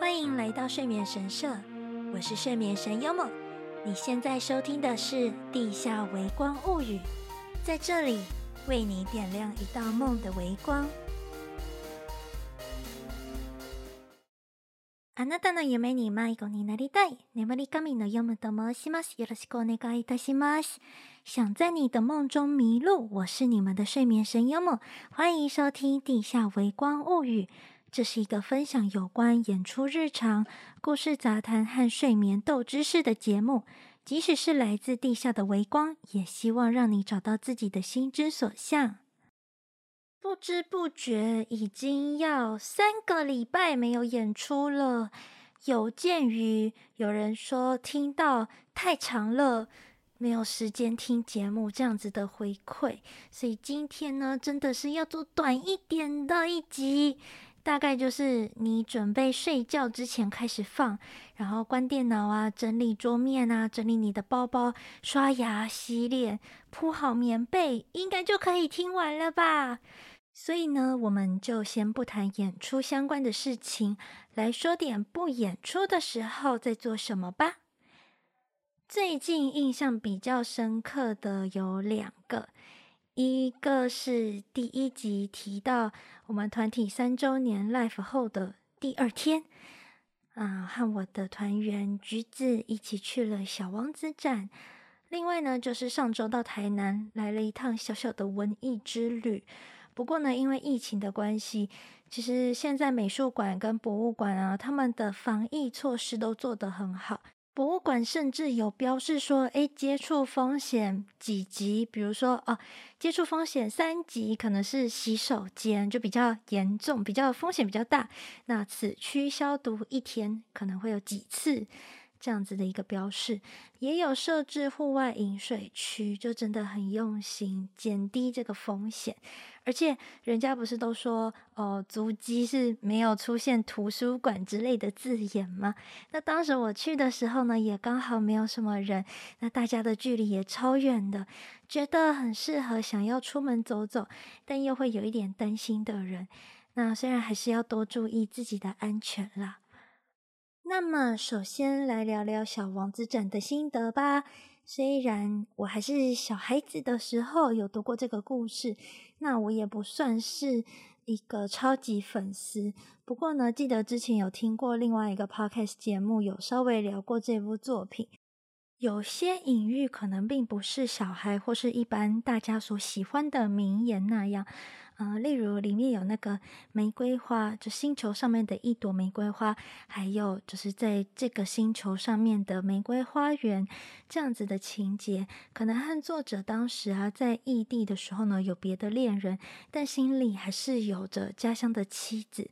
歡迎來到睡眠神社，我是睡眠神優夢。你現在收聽的是《地下微光物語》，在這裡為你點亮一道夢的微光。想在你的夢中迷路，我是你們的睡眠神優夢，歡迎收聽《地下微光物語》。這是一個分享有關演出日常、故事雜談和睡眠豆知識的節目。即使是來自地下的微光，也希望讓你找到自己的心之所向。不知不覺已經要三個禮拜沒有演出了。有鑑於有人說聽到太長了，沒有時間聽節目這樣子的回饋，所以今天呢，真的是要做短一點的一集。大概就是你準備睡覺之前開始放，然後關電腦啊，整理桌面啊，整理你的包包，刷牙、洗臉、鋪好棉被，應該就可以聽完了吧。所以呢，我們就先不談演出相關的事情，來說點不演出的時候在做什麼吧。最近印象比較深刻的有兩個。一個是第一集提到我們團體三週年 live 後的第二天，啊、呃，和我的團員橘子一起去了小王子展。另外呢，就是上周到台南來了一趟小小的文藝之旅。不過呢，因為疫情的關係，其實現在美術館跟博物館啊，他們的防疫措施都做得很好。博物館甚至有標示說：“誒，接觸風險幾級？比如說，哦，接觸風險三級，可能是洗手間就比較嚴重，比較風險比較大。那此區消毒一天可能會有幾次，這樣子的一個標示，也有設置戶外飲水區，就真的很用心，減低這個風險。”而且人家不是都說，哦、呃，足跡是沒有出現圖書館之類的字眼嗎？那當時我去的時候呢，也剛好沒有什麼人，那大家的距離也超遠的，覺得很適合想要出門走走，但又會有一點擔心的人。那雖然還是要多注意自己的安全啦。那麼，首先來聊聊小王子展的心得吧。雖然我還是小孩子的時候有讀過這個故事，那我也不算是一個超級粉絲，不過呢，記得之前有聽過另外一個 podcast 節目，有稍微聊過這部作品。有些隱喻可能並不是小孩或是一般大家所喜歡的名言那樣，呃，例如裡面有那個玫瑰花，就星球上面的一朵玫瑰花，還有就是在這個星球上面的玫瑰花園這樣子的情節，可能和作者當時啊在異地的時候呢有別的戀人，但心裡還是有着家鄉的妻子，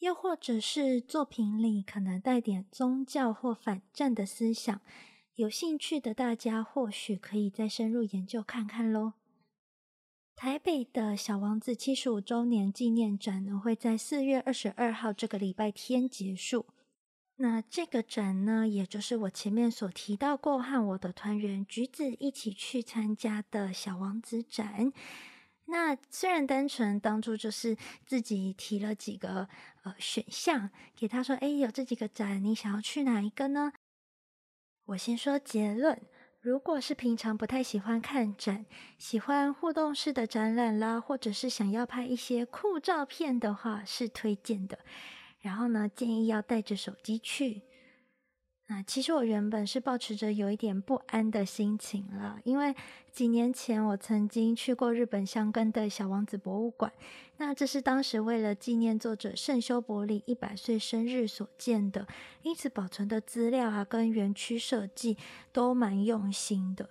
又或者是作品裡可能帶點宗教或反戰的思想。有興趣的大家，或許可以再深入研究看看咯。台北的小王子七十五周年紀念展，會在四月二十二號這個禮拜天結束。那這個展呢，也就是我前面所提到過，和我的團員橘子一起去參加的小王子展。那雖然單純，當初就是自己提了幾個呃選項給他說，哎，有這幾個展，你想要去哪一個呢？我先說結論，如果是平常不太喜歡看展，喜歡互動式的展覽啦，或者是想要拍一些酷照片的話，是推薦的。然後呢，建議要帶着手機去。其實我原本是抱持著有一點不安的心情了，因為幾年前我曾經去過日本箱根的小王子博物館，那這是當時為了紀念作者聖修伯里一百歲生日所建的，因此保存的資料啊，跟園區設計都蠻用心的。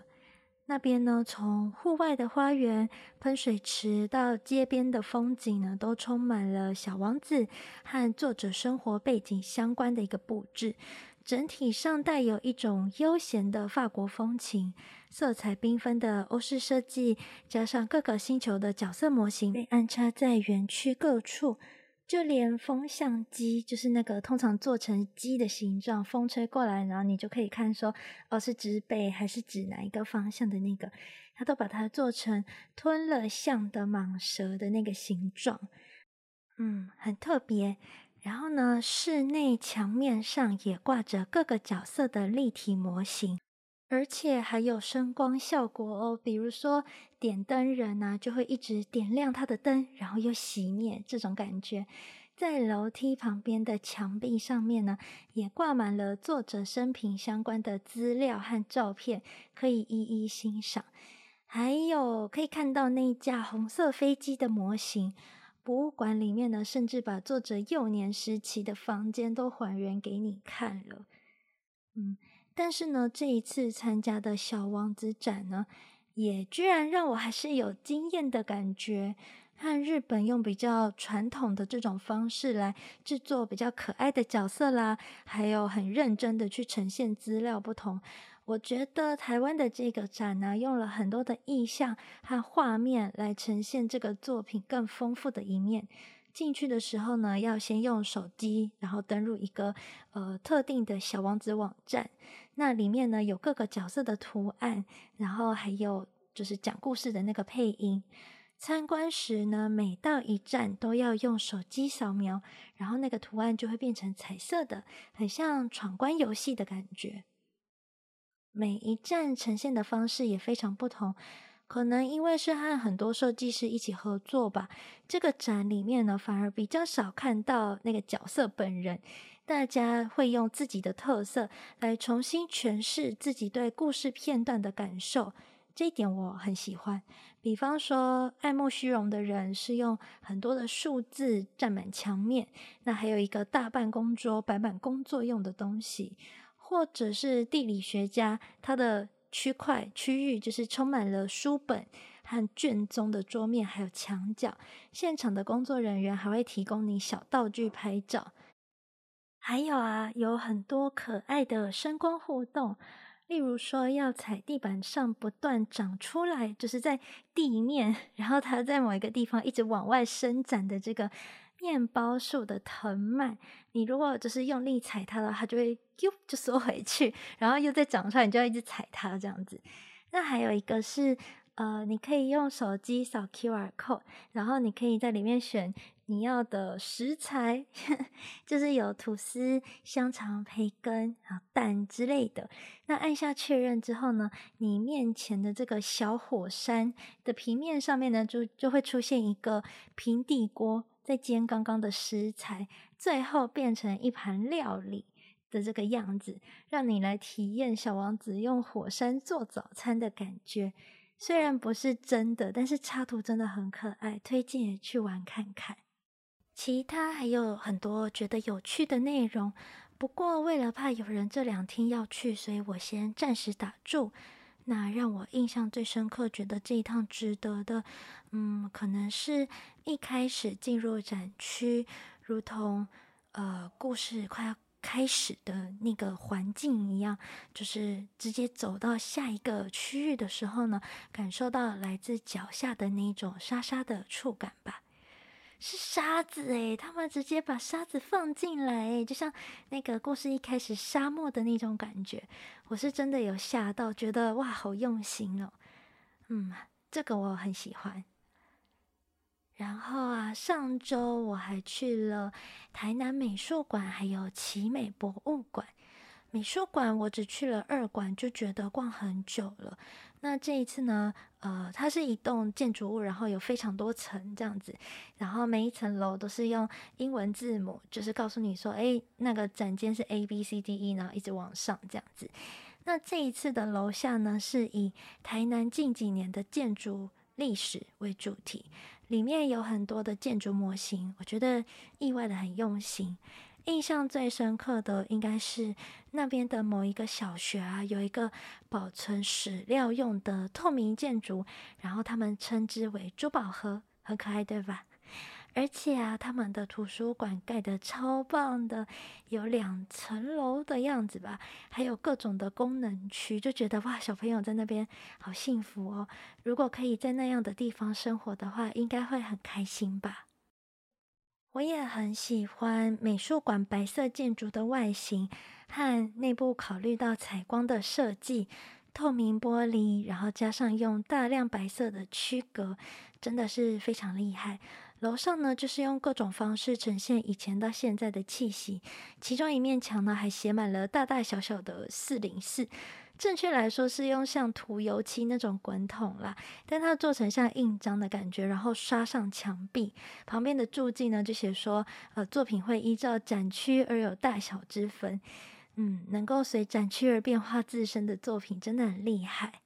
那邊呢，從戶外的花園、噴水池到街邊的風景呢，都充滿了小王子和作者生活背景相關的一個布置。整體上帶有一種悠閒的法國風情，色彩繽紛的歐式設計，加上各個星球的角色模型被安插在園區各處，就連風向機，就是那個通常做成雞的形狀，風吹過來，然後你就可以看說，哦，是指北還是指哪一個方向的那個，它都把它做成吞了象的蟒蛇的那個形狀，嗯，很特別。然後呢，室內牆面上也掛着各個角色的立體模型，而且還有聲光效果哦。比如說，點燈人呢、啊，就會一直點亮他的燈，然後又熄滅，這種感覺。在樓梯旁邊的牆壁上面呢，也掛滿了作者生平相關的資料和照片，可以一一欣賞。還有可以看到那一架紅色飛機的模型。博物館裡面呢，甚至把作者幼年時期的房間都還原給你看了。嗯，但是呢，這一次參加的小王子展呢，也居然讓我還是有驚艷的感覺，和日本用比較傳統的這種方式來制作比較可愛的角色啦，還有很認真的去呈現資料不同。我覺得台灣的這個展呢，啊，用了很多的意象和畫面來呈現這個作品更豐富的一面。進去的時候呢，要先用手機，然後登入一個，呃，特定的小王子網站。那裡面呢，有各個角色的圖案，然後還有就是講故事的那個配音。參觀時呢，每到一站都要用手機掃描，然後那個圖案就會變成彩色的，很像闖關遊戲的感覺。每一站呈現的方式也非常不同，可能因為是和很多設計師一起合作吧。這個展裡面呢，反而比較少看到那個角色本人，大家會用自己的特色來重新詮釋自己對故事片段的感受，這一點我很喜歡。比方說，愛慕虛榮的人是用很多的數字佔滿牆面，那還有一個大辦公桌擺滿工作用的東西。或者是地理學家，他的區塊區域就是充滿了書本和卷宗的桌面，還有牆角。現場的工作人員還會提供你小道具拍照。還有啊，有很多可愛的聲光互動，例如說要踩地板上不斷長出來，就是在地面，然後它在某一個地方一直往外伸展的這個。麵包樹的藤蔓，你如果就是用力踩它的話，它就會就縮回去，然後又再長出來，你就要一直踩它這樣子。那還有一個是，呃，你可以用手機掃 QR code，然後你可以在裡面選你要的食材，呵呵就是有吐司、香腸、培根、啊蛋之類的。那按下確認之後呢，你面前的這個小火山的平面上面呢，就就會出現一個平底鍋。在煎剛剛的食材，最後變成一盤料理的這個樣子，讓你來體驗小王子用火山做早餐的感覺。雖然不是真的，但是插圖真的很可愛，推薦也去玩看看。其他還有很多覺得有趣的內容，不過為了怕有人這兩天要去，所以我先暫時打住。那讓我印象最深刻，覺得這一趟值得的，嗯，可能是一開始進入展區，如同呃故事快要開始的那個環境一樣，就是直接走到下一個區域的時候呢，感受到來自腳下的那種沙沙的觸感吧。是沙子哎，他們直接把沙子放進來哎，就像那個故事一開始沙漠的那種感覺。我是真的有嚇到，覺得哇，好用心哦。嗯，這個我很喜歡。然後啊，上周我還去了台南美術館，還有奇美博物館。美術館我只去了二館，就覺得逛很久了。那這一次呢，呃，它是一棟建築物，然後有非常多層這樣子，然後每一層樓都是用英文字母，就是告訴你說，哎，那個展間是 A B C D E，然後一直往上這樣子。那這一次的樓下呢，是以台南近幾年的建築歷史為主題，裡面有很多的建築模型，我覺得意外的很用心。印象最深刻的應該是那邊的某一個小學啊，有一個保存史料用的透明建築，然後他們稱之為“珠寶盒”，很可愛，對吧？而且啊，他們的圖書館蓋得超棒的，有兩層樓的樣子吧，還有各種的功能區，就覺得哇，小朋友在那邊好幸福哦。如果可以在那樣的地方生活的話，應該會很開心吧。我也很喜歡美術館白色建築的外形和內部考慮到採光的設計，透明玻璃，然後加上用大量白色的區隔，真的是非常厲害。樓上呢，就是用各種方式呈現以前到現在的氣息，其中一面牆呢，還寫滿了大大小小的四零四。正確來說是用像塗油漆那種滾筒啦，但它做成像印章的感覺，然後刷上牆壁。旁邊的注記呢就寫說，呃，作品會依照展區而有大小之分，嗯，能夠隨展區而變化自身的作品真的很厲害。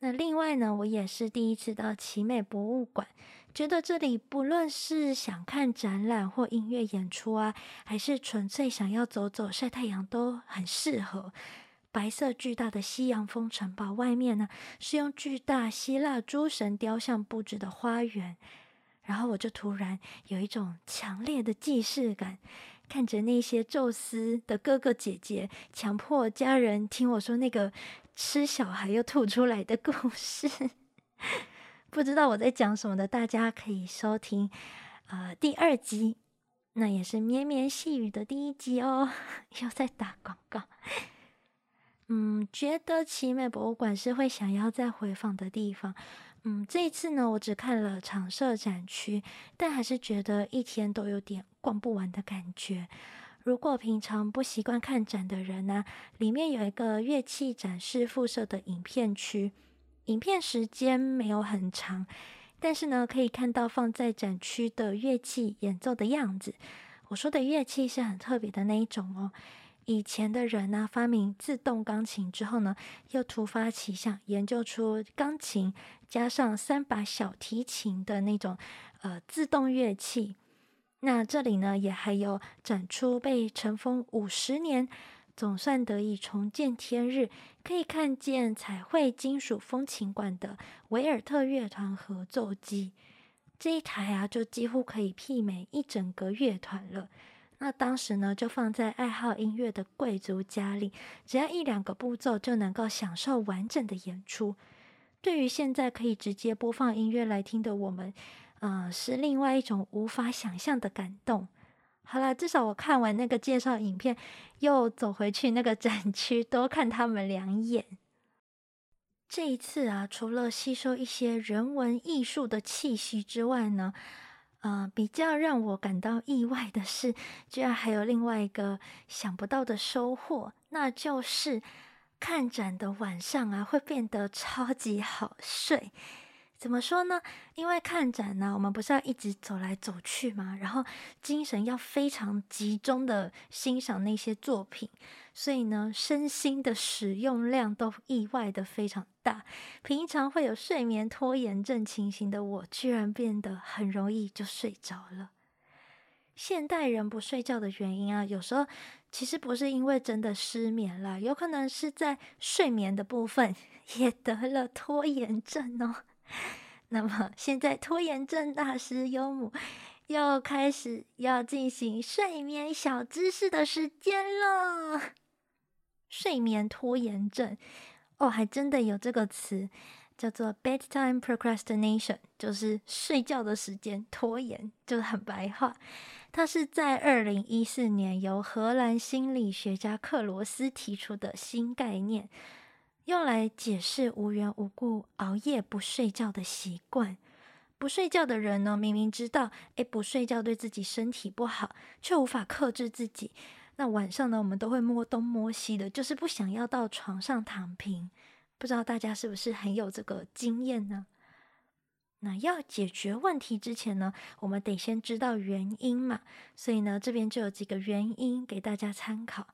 那另外呢，我也是第一次到奇美博物館，覺得這裡不論是想看展覽或音樂演出啊，還是純粹想要走走曬太陽，都很適合。白色巨大的西洋風城堡外面呢，是用巨大希臘諸神雕像布置的花園。然後我就突然有一種強烈的既視感，看着那些宙斯的哥哥姐姐，強迫家人聽我說那個吃小孩又吐出來的故事。不知道我在講什麼的，大家可以收聽啊、呃，第二集，那也是眠眠戲語的第一集哦，又在打廣告。嗯，覺得奇美博物館是會想要再回訪的地方。嗯，這一次呢，我只看了常設展區，但還是覺得一天都有點逛不完的感覺。如果平常不習慣看展的人呢，啊，裡面有一個樂器展示附設的影片區，影片時間沒有很長，但是呢，可以看到放在展區的樂器演奏的樣子。我說的樂器是很特別的那一種哦。以前的人呢、啊，發明自動鋼琴之後呢，又突發奇想，研究出鋼琴加上三把小提琴的那種呃自動樂器。那這裡呢，也還有展出被塵封五十年，總算得以重見天日，可以看見彩繪金屬風琴管的維爾特樂團合奏機。這一台啊，就幾乎可以媲美一整個樂團了。那當時呢，就放在愛好音樂的貴族家裡，只要一兩個步驟就能夠享受完整的演出。對於現在可以直接播放音樂來聽的我們，呃，是另外一種無法想象的感動。好啦，至少我看完那個介紹影片，又走回去那個展區，多看他們兩眼。這一次啊，除了吸收一些人文藝術的氣息之外呢。呃，比較讓我感到意外的是，居然還有另外一個想不到的收穫，那就是看展的晚上啊，會變得超級好睡。怎麼說呢？因為看展呢，我們不是要一直走來走去嗎？然後精神要非常集中的欣賞那些作品，所以呢，身心的使用量都意外的非常大。平常會有睡眠拖延症情形的我，居然變得很容易就睡着了。現代人不睡覺的原因啊，有時候其實不是因為真的失眠了，有可能是在睡眠的部分也得了拖延症哦。那麼現在，拖延症大師尤姆又開始要進行睡眠小知識的時間了。睡眠拖延症哦，還真的有這個詞，叫做 bedtime procrastination，就是睡覺的時間拖延，就是很白話。它是在二零一四年由荷蘭心理學家克羅斯提出的新概念。用來解釋無緣無故熬夜不睡覺的習慣。不睡覺的人呢，明明知道，誒，不睡覺對自己身體不好，卻無法克制自己。那晚上呢，我們都會摸東摸西的，就是不想要到床上躺平。不知道大家是不是很有這個經驗呢？那要解決問題之前呢，我們得先知道原因嘛。所以呢，這邊就有幾個原因給大家參考。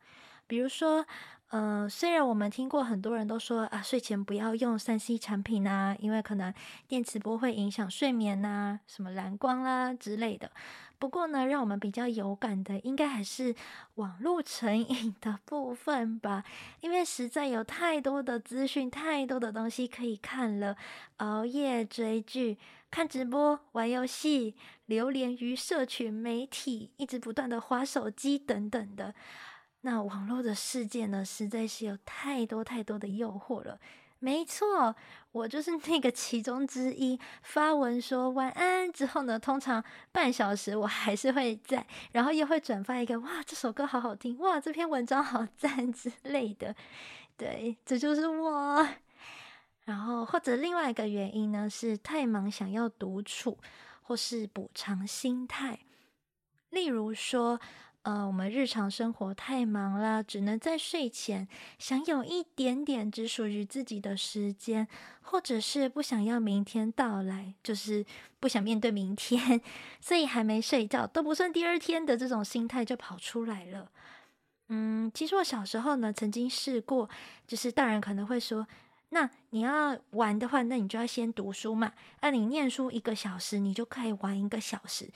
比如說，呃，雖然我們聽過很多人都說啊，睡前不要用三 C 產品吶、啊，因為可能電磁波會影響睡眠吶、啊，什麼藍光啦、啊、之類的。不過呢，讓我們比較有感的，應該還是網絡成癮的部分吧，因為實在有太多的資訊、太多的東西可以看了，熬夜追劇、看直播、玩遊戲、流連於社群媒體、一直不斷的滑手機等等的。那網絡的世界呢，實在是有太多太多的誘惑了。沒錯，我就是那個其中之一。發文說晚安之後呢，通常半小時我還是會在，然後又會轉發一個“哇，這首歌好好聽”、“哇，這篇文章好讚”之類的。對，這就是我。然後或者另外一個原因呢，是太忙想要獨處，或是補償心態。例如說，呃，我們日常生活太忙了，只能在睡前想有一點點只屬於自己的時間，或者是不想要明天到來，就是不想面對明天，所以還沒睡覺都不算第二天的這種心態就跑出來了。嗯，其實我小時候呢，曾經試過，就是大人可能會說，那你要玩的話，那你就要先讀書嘛。那你念書一個小時，你就可以玩一個小時。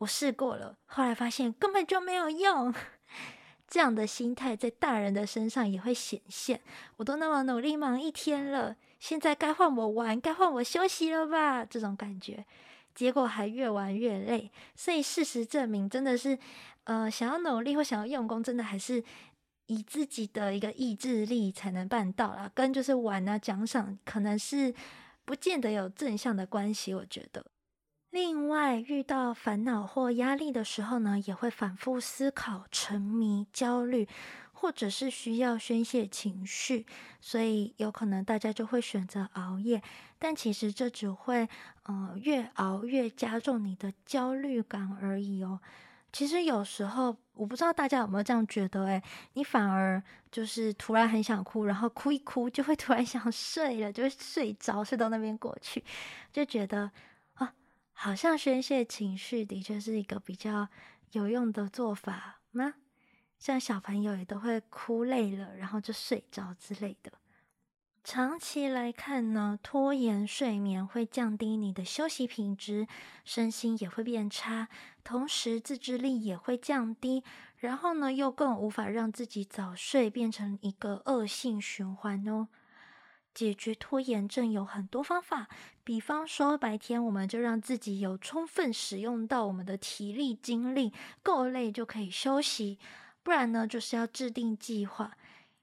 我試過了，後來發現根本就沒有用。這樣的心態在大人的身上也會顯現。我都那麼努力忙一天了，現在該換我玩，該換我休息了吧？這種感覺，結果還越玩越累。所以事實證明，真的是，呃，想要努力或想要用功，真的還是以自己的一個意志力才能辦到啦。跟就是玩啊、獎賞可能是不見得有正向的關係，我覺得。另外，遇到煩惱或壓力的時候呢，也會反覆思考、沉迷、焦慮，或者是需要宣洩情緒，所以有可能大家就會選擇熬夜。但其實這只會，呃，越熬越加重你的焦慮感而已哦。其實有時候，我不知道大家有沒有這樣覺得誒，誒你反而就是突然很想哭，然後哭一哭，就會突然想睡了，就會睡着，睡到那邊過去，就覺得。好像宣洩情緒的確是一個比較有用的做法嗎？像小朋友也都會哭累了，然後就睡着之類的。長期來看呢，拖延睡眠會降低你的休息品質，身心也會變差，同時自制力也會降低，然後呢，又更無法讓自己早睡，變成一個惡性循環哦。解決拖延症有很多方法，比方說白天我們就讓自己有充分使用到我們的體力精力，夠累就可以休息。不然呢，就是要制定計劃。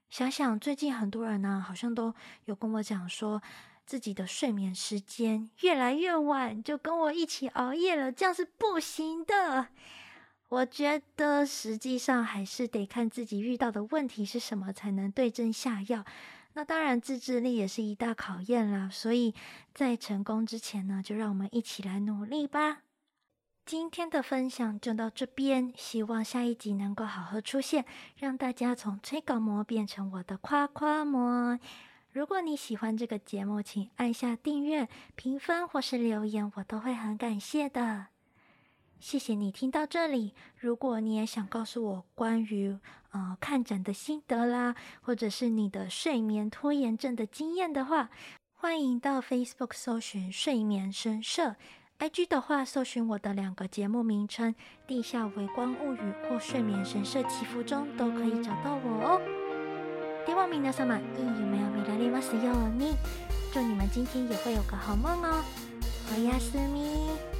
想想最近很多人呢啊，好像都有跟我講說自己的睡眠時間越來越晚，就跟我一起熬夜了，這樣是不行的。我覺得實際上還是得看自己遇到的問題是什麼，才能對症下藥。那當然，自製力也是一大考驗啦。所以，在成功之前呢，就讓我們一起來努力吧。今天的分享就到這邊，希望下一集能夠好好出現，讓大家從催稿魔變成我的誇誇魔。如果你喜歡這個節目，請按下訂閱、評分或是留言，我都會很感謝的。謝謝你聽到這裡。如果你也想告訴我關於呃看展的心得啦，或者是你的睡眠拖延症的經驗的話，歡迎到 Facebook 搜尋睡眠神社，IG 的話搜尋我的兩個節目名稱《地下微光物語》或《睡眠神社祈福鐘》，都可以找到我哦。では皆様、いい夢を見られますように。祝你們今天也會有個好夢哦。おやすみ。